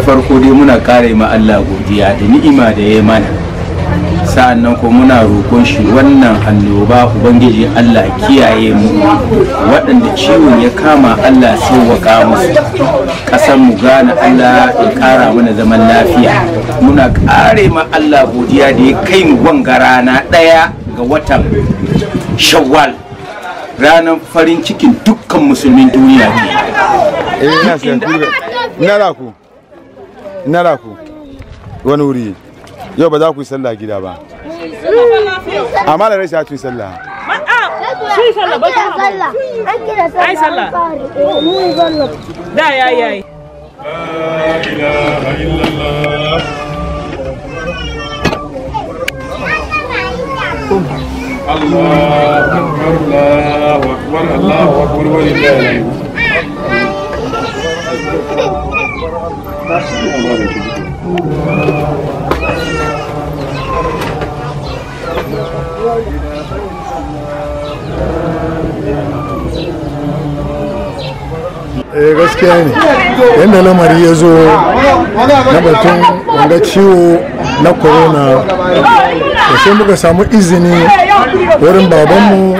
na farko dai muna kare ma Allah godiya da ni'ima da ya mana sa'annan ko muna roƙon shi wannan annoba ubangiji Allah kiyaye mu waɗanda ciwon ya kama Allah sauwaƙa musu ƙasar mu gane Allah ya ƙara mana zaman lafiya muna kare ma Allah godiya da ya kai mu wanga rana ɗaya ga watan shawwal ranar farin cikin dukkan musulmin duniya ne. Eh, ina ku. ina da ku wani wuri yau ba za ku yi sallah gida ba amma da rashin tun sallah ah, sallah da الله أكبر الله أكبر الله أكبر ولله eh gaskiya ne yadda lamari ya zo na batun wanga ciwo na corona da sai muka samu izini wurin babanmu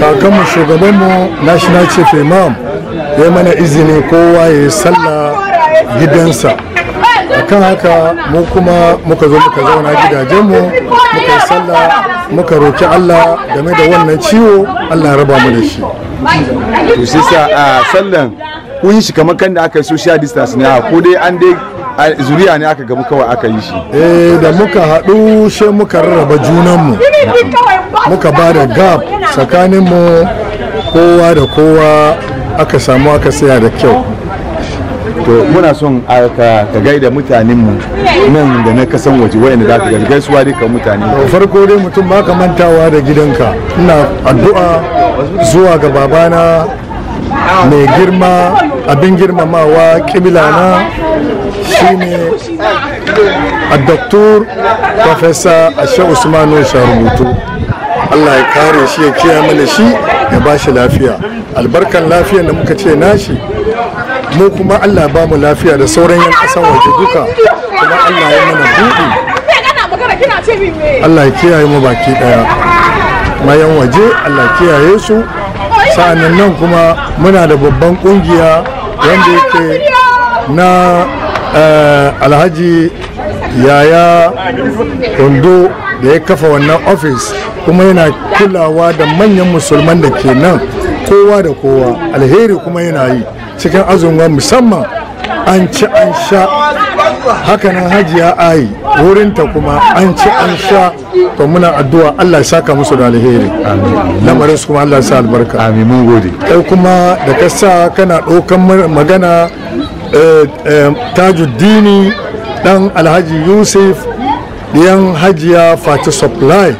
kakanmu shugabanmu national chief imam ya mana izini kowa ya yi sallah gidansa a kan haka mu kuma muka zo muka zauna gidajenmu muka yi sallah muka roki allah game da wannan ciwo allah raba mu da shi to shi sa a sallan kun yi shi kamar kan da aka yi social distance ne ko dai an dai zuriya ne aka gamu kawai aka yi shi eh da muka haɗu shi muka rarraba junanmu muka ba da gap tsakaninmu kowa da kowa aka samu aka saya da kyau to muna son ka gaida mutanen mu nan da na kasan waje wayanda za ka ga gaisuwa dai ka mutane farko dai mutum ba ka mantawa da gidanka ina addu'a zuwa ga babana mai girma abin girmamawa kibila na shine doktor profesa ashe usmanu sharubutu allah ya kare shi ya kiyaye mana shi ya ba shi lafiya albarkan lafiyan da muka ce nashi mu kuma Allah ba mu lafiya da sauran yan kasan waje duka kuma Allah ya mana buɗi Allah ya kiyaye mu baki daya mayan waje Allah kiyaye su sa'annan nan kuma muna da babban kungiya wanda yake na eh, alhaji yaya ondo da ya kafa wannan ofis kuma yana kulawa da manyan musulman da ke nan kowa da kowa alheri kuma yana yi cikin azumwa musamman an ci an sha hakanan hajiya ayi wurinta kuma an ci an sha to muna addu'a Allah ya saka musu da alheri lamarin su kuma Allah ya sa albarka amin mun gode kai kuma da ka sa kana dokan magana eh, eh, tajuddini dan alhaji yusuf yan hajiya fati supply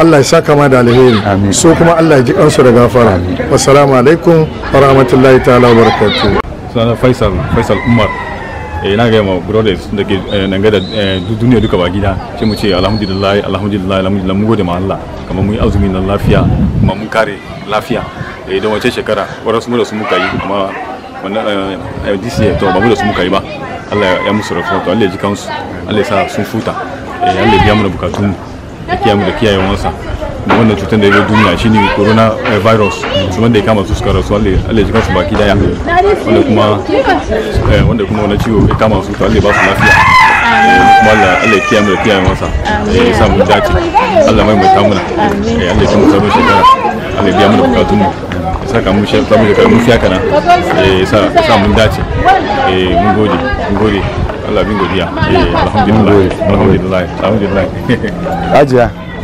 Allah ya saka ma da alheri so kuma Allah ya ji kansu da gafara wassalamu alaikum wa rahmatullahi ta'ala wa barakatu sunana Faisal Faisal Umar eh na ga ma brothers da ke eh, nan ga da eh, duniya duka ba gida ce mu ce alhamdulillah alhamdulillah alhamdulillah mu gode ma Allah kamar mu yi azumi na lafiya kuma mun kare lafiya eh da wace shekara warasu mu da su muka yi kuma wannan eh, this year to ba mu da su muka yi ba Allah ya musu rafa to Allah ya ji kansu Allah ya sa sun futa eh Allah ya biya mu da bukatun mu kiyamu da kiyaye wansa da wannan cutar da ya zo duniya ne corona eh, virus su wanda ya kama su suka rasu alle ya jika su baki daya wanda kuma eh, wanda kuma wani ciwo ya kama su to Allah ba su lafiya eh, kuma alle Allah ya kiyaye da kiyayen wansa ya yi samun dace Allah mai mai tamuna alle ya kiyaye mu sabon shekara Allah biya mu da bukatun mu ya saka mu shafa mu fiya kana ya sa mun dace mun gode mun gode Allah bin godiya eh,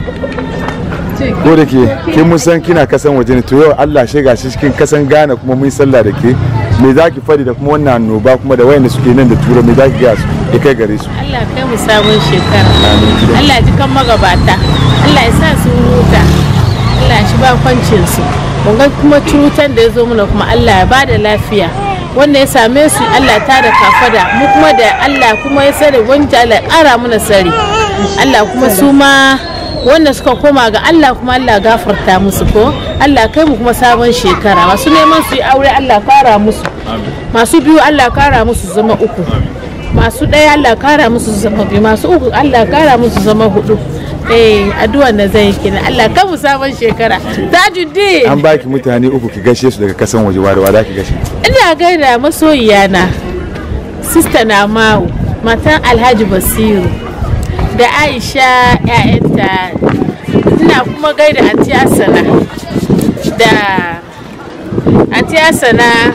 ko da ke ke mun kina kasan waje ne to yau Allah shi gashi cikin kasan Ghana kuma nan da tura me ga su kai mu sabon kan magabata Allah ya shi ba kwancin su kun kuma cutar da ya zo mana kuma Allah ya ba da lafiya wanda ya same su Allah ta da kafada mu kuma da Allah kuma ya sare wanda Allah ƙara mana sare Allah kuma su ma wanda suka koma ga Allah kuma Allah gafarta musu ko Allah kai mu kuma sabon shekara masu neman su yi aure Allah kara musu masu biyu Allah kara musu zama uku masu ɗaya Allah kara musu zama biyu masu uku Allah kara musu zama hudu eh addu'a na zan yi kenan Allah ka mu sabon shekara tajuddin an baki mutane uku ki gaishe su daga kasan waje wa za ki gaishe ina gaida masoyiya na sister na mawu matan alhaji basiru da aisha ya'yanta ina kuma gaida a asana da asana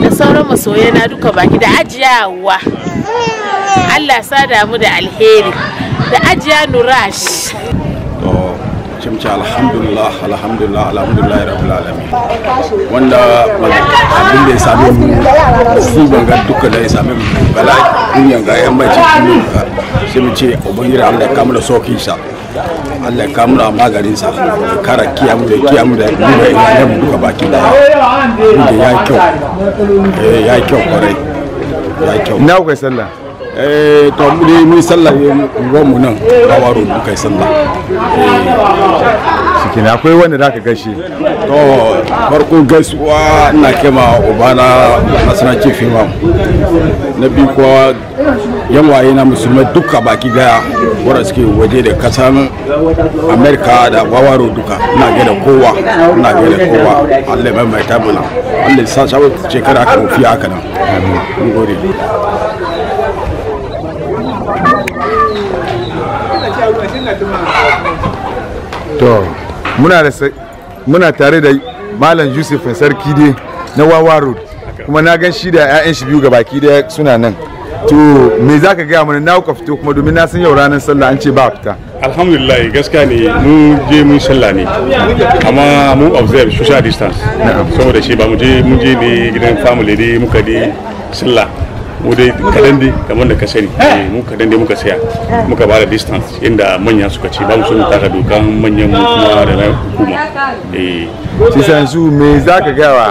da sauran masoyana duka baki da ajiyawa Allah sa damu da alheri da ajiya nurash to kimci alhamdulillah alhamdulillah alhamdulillah rabbil alamin wanda abin da ya same mu su ganga duka da ya same mu bala duniyan ga yan bace mu sai mu ce ubangiji Allah ya kamu sokin sa Allah ya Kamula magarin sa kara kiyamu da kiyamu da mu da iyayen mu duka baki da ya kyau eh, ya kyau kwarai ya kyau na ku sallah eh to ne mun sallah unguwar mu nan kawaro mun kai sallah cikin eh, akwai wanda za ka gashi to farko gaisuwa ina kema ubana na sana kifi ma na bi kuwa yan waye na musulmai duka baki gaya wadda suke waje da kasan amerika da wawaro duka ina gaida kowa ina gaida kowa allah mai mai tabula allah sa shawar shekara aka rufi haka nan gode to muna da muna tare da malam yusuf sarki dai na wawa road kuma na gan shi da 'ya'yan shi biyu gabaki daya suna nan to me za ka gaya mana na ka fito kuma domin na san yau ranar sallah an ce ba fita alhamdulillah gaskiya ne mu je mun sallah ne amma mu observe social distance saboda shi ba mu je mun je ne gidan family ne muka ne sallah mu dai kadan dai kamar da ka sani eh. Eh, mu kadan dai muka saya eh. muka ba da distance inda manya suka ce ba mu sun taka dokan manyan mu kuma da na hukuma eh me zaka ga wa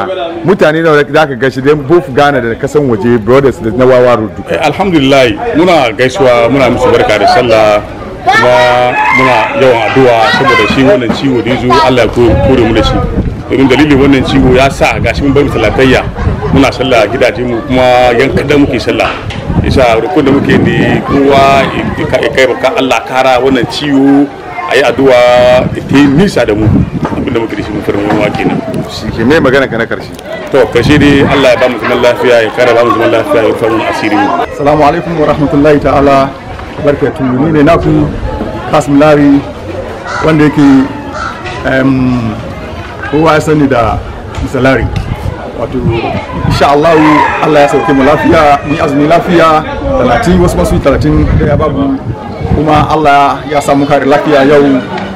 mutane da zaka ga shi dai both Ghana da kasan waje brothers da na wawa duka alhamdulillah muna gaisuwa muna musu barka da sallah kuma muna yawan addu'a saboda shi wannan ciwo da yazo Allah ya kore mu da shi domin dalilin wannan ciwo ya sa shi mun bar misalatayya muna sallah gidaje mu kuma yan kada muke sallah isa rukun da muke ne kowa ya kai baka Allah kara wannan ciwo a yi addu'a ta nisa da mu abin da muke da shi mun wani wake nan shi ke mai magana ka na karshe to karshe dai Allah ya ba mu zaman lafiya ya kara ba mu zaman lafiya ya faru asiri mu assalamu alaikum wa rahmatullahi ta'ala barkatu ni ne naku Kasim Lari wanda yake kowa ya sani da misalari wato insha Allah Allah ya sauke mu lafiya ni azumi lafiya talatin wasu masu talatin ya babu kuma Allah ya samu kare lafiya yau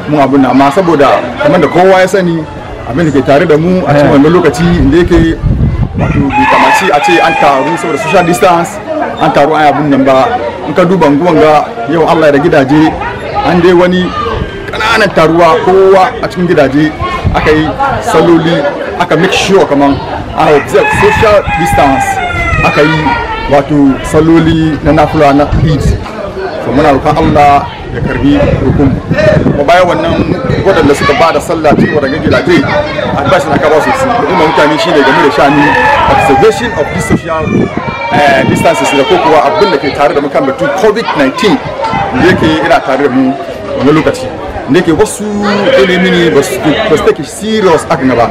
mun abu na amma saboda kamar da kowa ya sani abin da ke tare da mu a cikin eh. wannan lokaci inda yake wato bai kamaci a ce an taru saboda social distance an taru an abin nan ba in ka duba nguwan ga yau Allah ya da gidaje an dai wani ƙananan taruwa kowa a cikin gidaje aka yi saloli aka make sure kaman a ah, observe social distance aka yi wato saloli na nafula na eid so muna roƙon allah ya karbi rukun kuma bayan wannan waɗanda suka ba da sallah cikin waɗanda gidaje advice na kaba sosai kuma mutane shine game da shani observation of this social eh, distances da ko kuwa abin da ke tare da mu kan batun covid-19 da yake yana tare da mu wani lokaci da wasu ilimi ne ba su ke serious aka na ba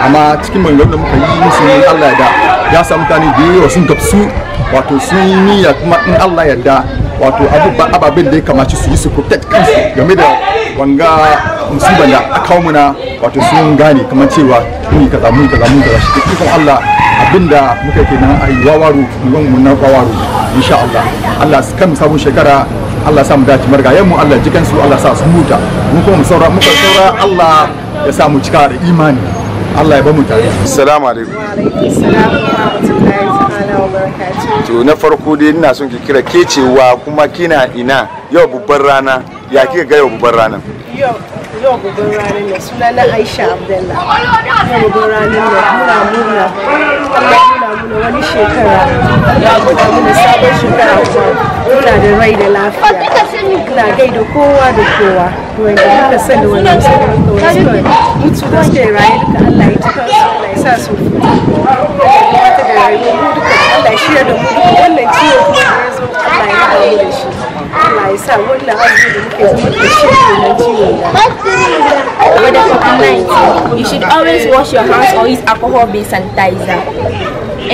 amma cikin maganganun da muka yi musu ne Allah ya da ya sa mutane da yawa sun gabsu wato sun yi niyya kuma in Allah ya da wato abubuwan ababen da ya kamaci su yi su protect kansu game da wanga musibar da aka kawo muna wato sun gane kamar cewa muni kaza muni kaza muni kaza shi ikon Allah abinda muka kenan a yi wawaru ruwan mun na wawaru insha Allah Allah kan sabon shekara Allah ya samu dace margayen mu Allah jikan su Allah sa su muta mu kuma mu saura muka saura Allah ya samu cika da imani Allah ya ba mu tare assalamu alaikum wa alaikum assalam wa rahmatullahi wa barakatuh to na farko dai ina son ki kira ke cewa kuma kina ina yau babbar rana ya kika ga yau babbar rana yau yau babban ranar ne suna na aisha abdullah yau babban ranar ne muna murna muna murna wani shekara ya buga mana sabon shekara kuma kuna da rai da lafiya na gaida kowa da kowa da muka sani wani. mutu da suke raye duka Allah ya sa su wata da rayuwa mu duka Allah ya da mu duka wannan ciwo kuma ya zo Allah ya da shi Allah ya sa wannan da muke zama da shi ne da whether you should always wash your hands or use alcohol-based sanitizer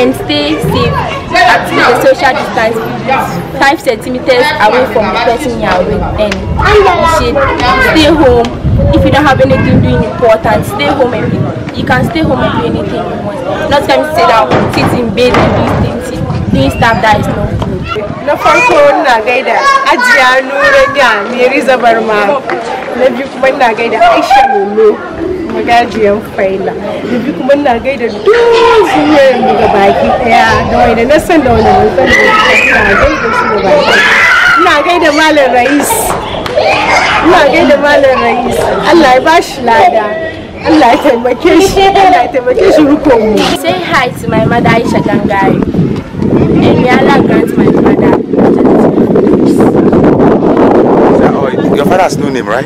and stay safe practicing the social distance five centimeters away from the person you are with and you should stay home if you don't have anything doing important stay home and you can stay home and do anything you want not to sit down sit in bed and do things doing stuff that is not good na farko ina gaida ajiya nura da mary zabarma na biyu kuma ina gaida aisha lolo magajiyan faila yanzu kuma ina gaida duk zuwan mu ga baki daya da wai da nasan da wani wanda da san da ina gaida su da baki ina gaida malam rais ina gaida malam rais Allah ya bashi lada Allah ya taimake shi Allah ya taimake shi rukon mu say hi to my mother Aisha Gangari and yala Ghana's new name, right?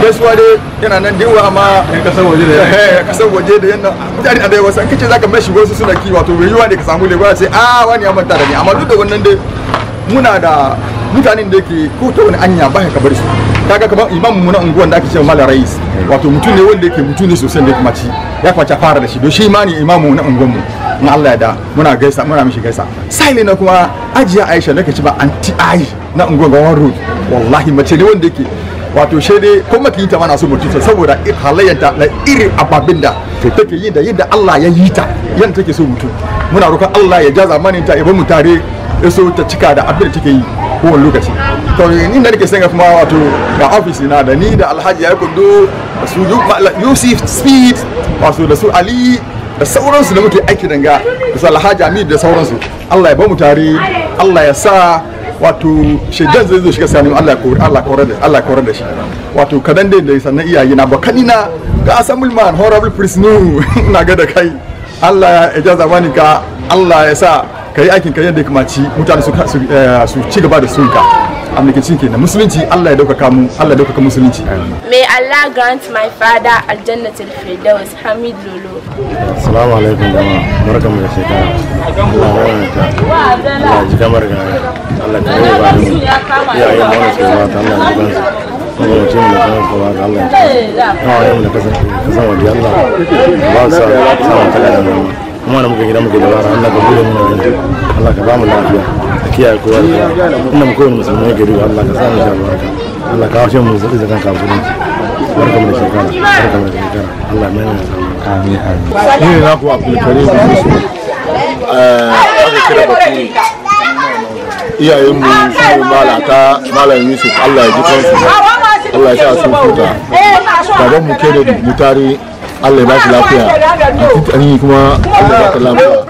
Gaisuwa dai yana nan diwa amma kasar waje da yana. Eh, kasar waje da yana. Mutane da yawa san kace zaka mashi wasu suna ki wato bai yiwa ne ka samu lebura ce ah wani ya manta da ni amma duk da wannan dai muna da mutanen da yake ko ta wani anya ba ka bar su. Kaga kamar imam mu na unguwan da ake cewa Malam Rais wato mutum ne wanda yake mutum ne sosai da kuma ci ya kwace fara da shi don shi ma ne imamu na unguwan mu. In Allah ya da muna gaisa muna mishi gaisa. Sai ne kuma ajiya Aisha nake ci ba anti ai. na unguwan gawan road wallahi mace ne wanda yake wato shi dai ko makiyinta ma na so mutunta saboda halayyanta na iri ababin da take yi da yadda Allah ya yi ta yadda take so mutum muna roƙon Allah ya jaza maninta ta ya bar mu tare ya so ta cika da abin da take yi kowane lokaci to ni da nake sanya kuma wato ga ofis na da ni da Alhaji ya kundo da su Yusuf Speed wato da su Ali da sauransu da muke aiki danga da su Alhaji Amir da sauransu Allah ya bar mu tare Allah ya sa wato shaidan zai zo shiga sani Allah kore Allah kore da Allah kore da shi wato kadan dai da sannan iyaye na bakani na ga assembly man horrible prisoner ina ga da kai Allah ya ja zamani ka Allah ya sa kai aikin ka yadda ya kamaci mutane su eh, ci gaba da sunka amlikacin na musulunci Allah ya daukaka mu Allah ya daukaka musulunci may Allah grant my father aljannatul firdaus hamid lolo assalamu alaikum jama'a barkamu da shekara Allah ya wanka Allah ji kamar ga Allah ka yi ba ya yi mana su ba ta Allah ya bansa kuma wace mu da kan ga Allah ya yi mu da kasan kasan waje Allah ba sa sa ta da mu kuma da muke gida muke da Allah ka bude mu Allah ka ba mu lafiya kiyaye kowa inda mu kowane musulmai gari Allah ka samu shi albarka Allah ka haushe mu zaɓi zakan kasuwanci barkamu da shekara barkamu da shekara Allah mai mai samu amin amin ni ne na musu eh, aka kira baturi iyayenmu su ne malata yusuf Allah ya ji kansu Allah ya sa sun huta baban mu kere mutare Allah ya ba shi lafiya a titani kuma Allah ya ka lafiya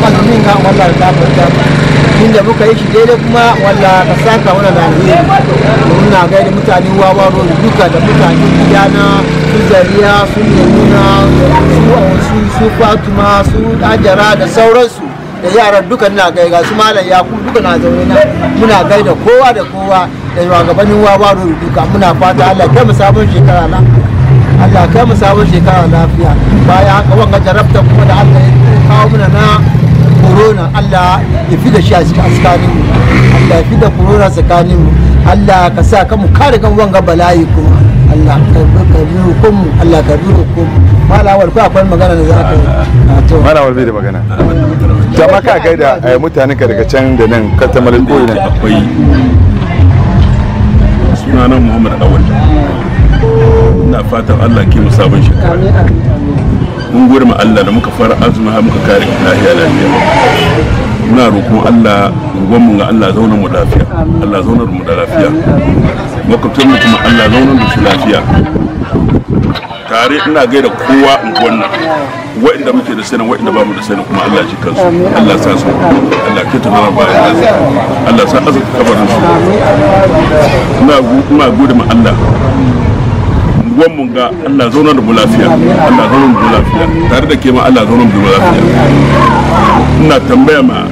kalmin ga wallah ta fata inda muka yi shi daidai kuma wallah ka saka wani da alheri muna gaida mutane wawa road duka da mutane gidana su zariya su nemuna su awansu su fatuma su ajara da sauransu da yaran duka na gai ga su malam ya duka na zaune na muna gai da kowa da kowa da shugabannin wawa road duka muna fata Allah kai mu sabon shekara na Allah kai mu sabon shekara lafiya bayan haka wanga jarabta kuma da Allah ya kawo mana na corona Allah ya fi da shi a tsakanin mu Allah ya fi da corona tsakanin mu Allah ka sa ka mu kare kan wanga bala'i ko Allah ka bi hukum Allah ka bi hukum malawar ko akwai magana da za ka yi ah, malawar bai da magana jama'a ka gaida eh, mutanen ka daga can da nan ka ta malin koyi nan akwai sunana Muhammad Awal ina fatan Allah ke musabin shekara mun gwarma ma Allah da muka fara azumi har muka kare lafiya lafiya muna roƙon Allah ruwan ga Allah zauna mu lafiya Allah zauna mu da lafiya makwabtan mu kuma Allah zauna da su lafiya tare ina gaida kowa in wannan wa'inda muke da sanin wa'inda ba mu da sanin kuma Allah ji kansu Allah sa su Allah ke ta zama bayan nasu Allah sa azumi kabarin su ina gode ma Allah unguwan mun ga Allah zauna da mu lafiya Allah zauna da mu lafiya tare da ke ma Allah zauna da mu lafiya ina tambaya ma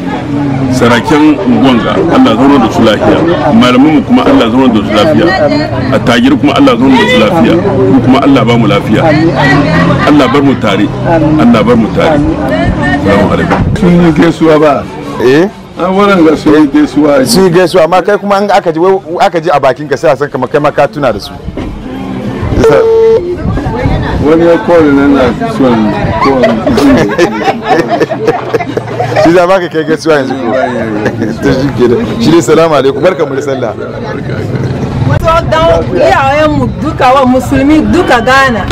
sarakin unguwan ga Allah zauna da su lafiya malamin mu kuma Allah zauna da su lafiya attajir kuma Allah zauna da su lafiya mu kuma Allah ba mu lafiya Allah bar mu tare Allah bar mu tare salamu alaikum kin yi gaisuwa ba eh ah, an wurin ga sun gaisuwa sun gaisuwa amma kai kuma an aka ji a bakin ka sai a san kamar kai ma ka tuna da su isa wani ya kowane nan na son shi za ba ka kai gaisuwa yanzu ko ta shi ke da shi ne salamu alaikum barka mu da sallah don duka wa musulmi duka gana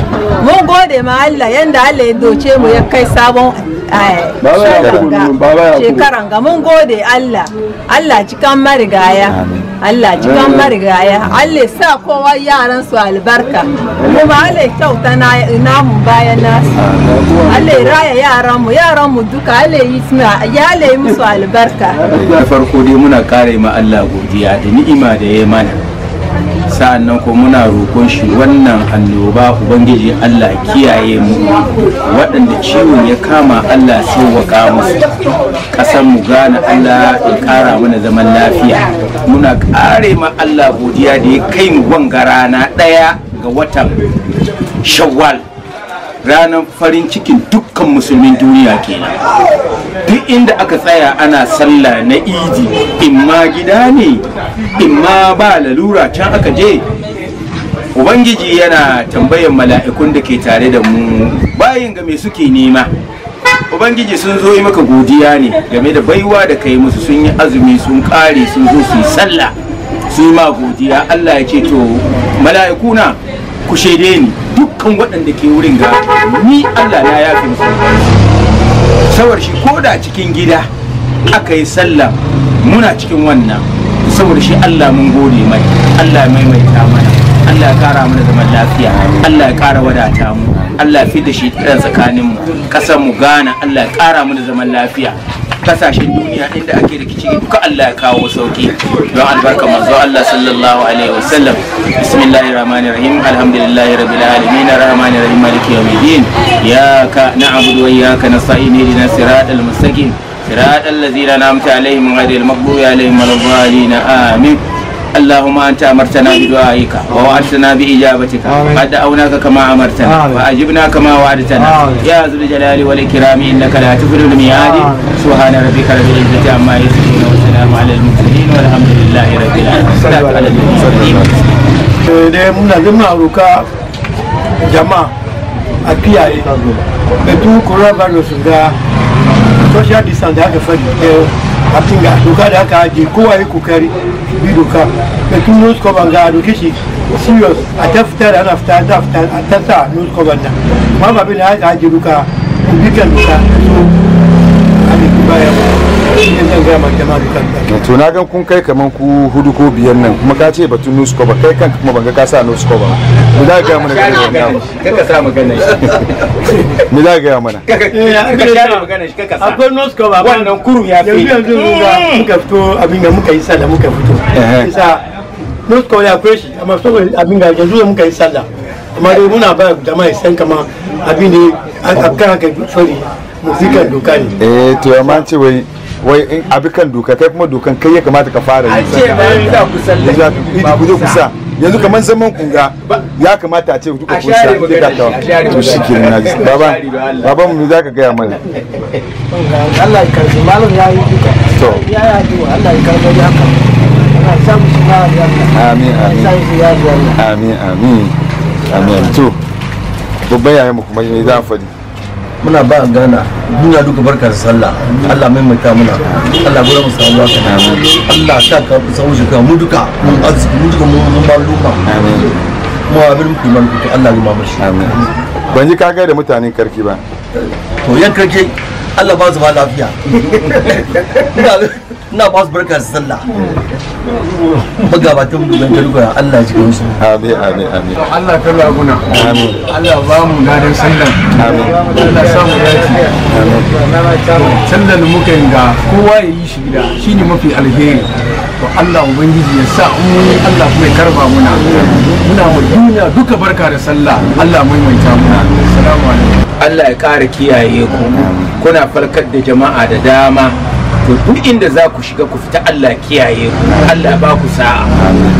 mun gode ma Allah yadda Allah ya doce mu ya kai sabon eh, shekaran ga mun gode Allah Allah cikan marigaya Allah cikin eh. marigaya Allah sa kowa yaran su albarka kuma Allah kyauta namu bayan nasu Allah raya yaran mu yaran mu duka Allah yi suna. ya Allah yi musu albarka da farko dai muna kare ma Allah godiya da ni'ima da ya mana sa'an nan ko muna roƙon shi wannan annoba ubangiji allah kiyaye mu waɗanda ciwon ya kama allah sauwaƙa musu ƙasar mu gane allah ya ƙara mana zaman lafiya muna ƙare ma allah godiya da ya kai mu wanga rana ɗaya ga watan shawwal ranar farin cikin dukkan musulmin duniya kenan duk inda aka tsaya ana sallah na idi in ma gida ne in ma ba lalura can aka je ubangiji yana tambayan mala'ikun da ke tare da mu bayin ga me suke nema ubangiji sun zo yi maka godiya ne game da baiwa da kai musu sun yi azumi sun kare sun zo su yi sallah su yi ma godiya allah ya ce to mala'ikuna ku shaide ni dukkan waɗanda ke wurin ga ni Allah na yafi musu sawar shi da cikin gida aka yi sallah muna cikin wannan saboda shi Allah mun gode mai Allah maimaita mana Allah ya kara mana zaman lafiya Allah ya kara wadata mu Allah ya fi da shi tsakanin mu ƙasar mu gana Allah ya kara mana zaman lafiya kasashen duniya inda ake rikici duka Allah ya kawo sauki don albarka manzo Allah sallallahu alaihi wasallam bismillahir rahmanir rahim alhamdulillahi rabbil alamin arrahmanir rahim maliki yawmiddin ya ka na'budu wa iyyaka nasta'in na siratal mustaqim siratal ladzina an'amta alaihim ghayril maghdubi alaihim waladdallin amin اللهم أنت أمرتنا بدعائك ووعدتنا بإجابتك وقد دعوناك كما أمرتنا وأجبنا كما وعدتنا يا ذو الجلال والإكرام إنك لا تفلح الميعاد سبحان ربك رب العزة عما يصفون وسلام على المرسلين والحمد لله رب العالمين muna zama roka jama'a a kiyaye batun coronavirus ga social distance da aka faɗi abin ga doka da aka ajiye kowa ya kokari bi doka da tun nose cover ga doke shi serious a ta fitar ana fita ta fita a ta sa nose cover na ma babin da aka ajiye doka bi kan doka so a ne baya ba to na gan kun kai kaman ku hudu ko biyar nan kuma ka ce batun news ba kai kanka kuma banga ka sa news ba mu da ga mana kan wannan kaka sa magana shi mu da ga mana akwai news b'a wannan kurun ya fi yanzu yanzu muka fito abin da muka yi sallah muka fito isa news cover ya fresh amma so abin da yanzu muka yi sallah amma dai muna ba jama'a san kama abin ne a kan ka fari musikan doka ne eh to amma ce wai wai in eh, abi kan doka kai kuma dokan kai ya kamata ka fara yi ce bayan da kusa ku zo kusa yanzu kamar zaman kunga ya kamata a ce duka kun sa da ta to shi ke ji baba baba mu za ka gaya mana Allah ya karbi malam ya yi duka to ya ya duwa Allah ya karbi ya ka Allah ya samu shiga ya amin amin amin amin amin to babban yayin mu kuma ya za fadi muna ba a gana duniya duka barka da sallah Allah mai mai muna Allah gura mu samu waka na Allah sa ka samu shi ka mu duka mun arziki mu duka mun ba luka mu abin mu kuma duka Allah ya mu shi ban ji kaga da mutane karki ba to yan karki Allah ba su ba lafiya ina ba su barka sallah magabatan bugan jirgin Allah ji gamsu amin amin amin Allah ka laguna amin Allah ba mu gadan sallan amin Allah sa mu dace amin sallan mu kai ga kowa ya yi shi gida shine mafi alheri to Allah ubangiji ya sa mu Allah kuma ya karba muna muna mu duniya duka barka da sallah Allah maimaita muna assalamu alaikum Allah ya kare kiyaye ku kuna farkar da jama'a da dama to duk inda za ku shiga ku fita Allah kiyaye ku Allah ba ku sa'a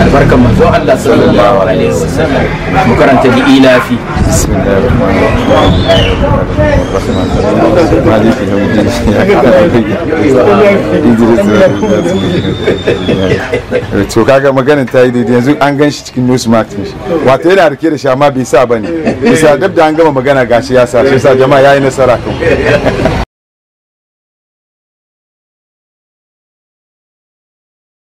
albarkan manzo Allah sallallahu alaihi wasallam mu karanta bi ilafi to kaga maganin ta yi daidai yanzu an gan shi cikin news mark shi wato yana rike da shama bai sa bane bisa dab da an gama magana gashi ya sa shi sa jama'a yayi nasara kan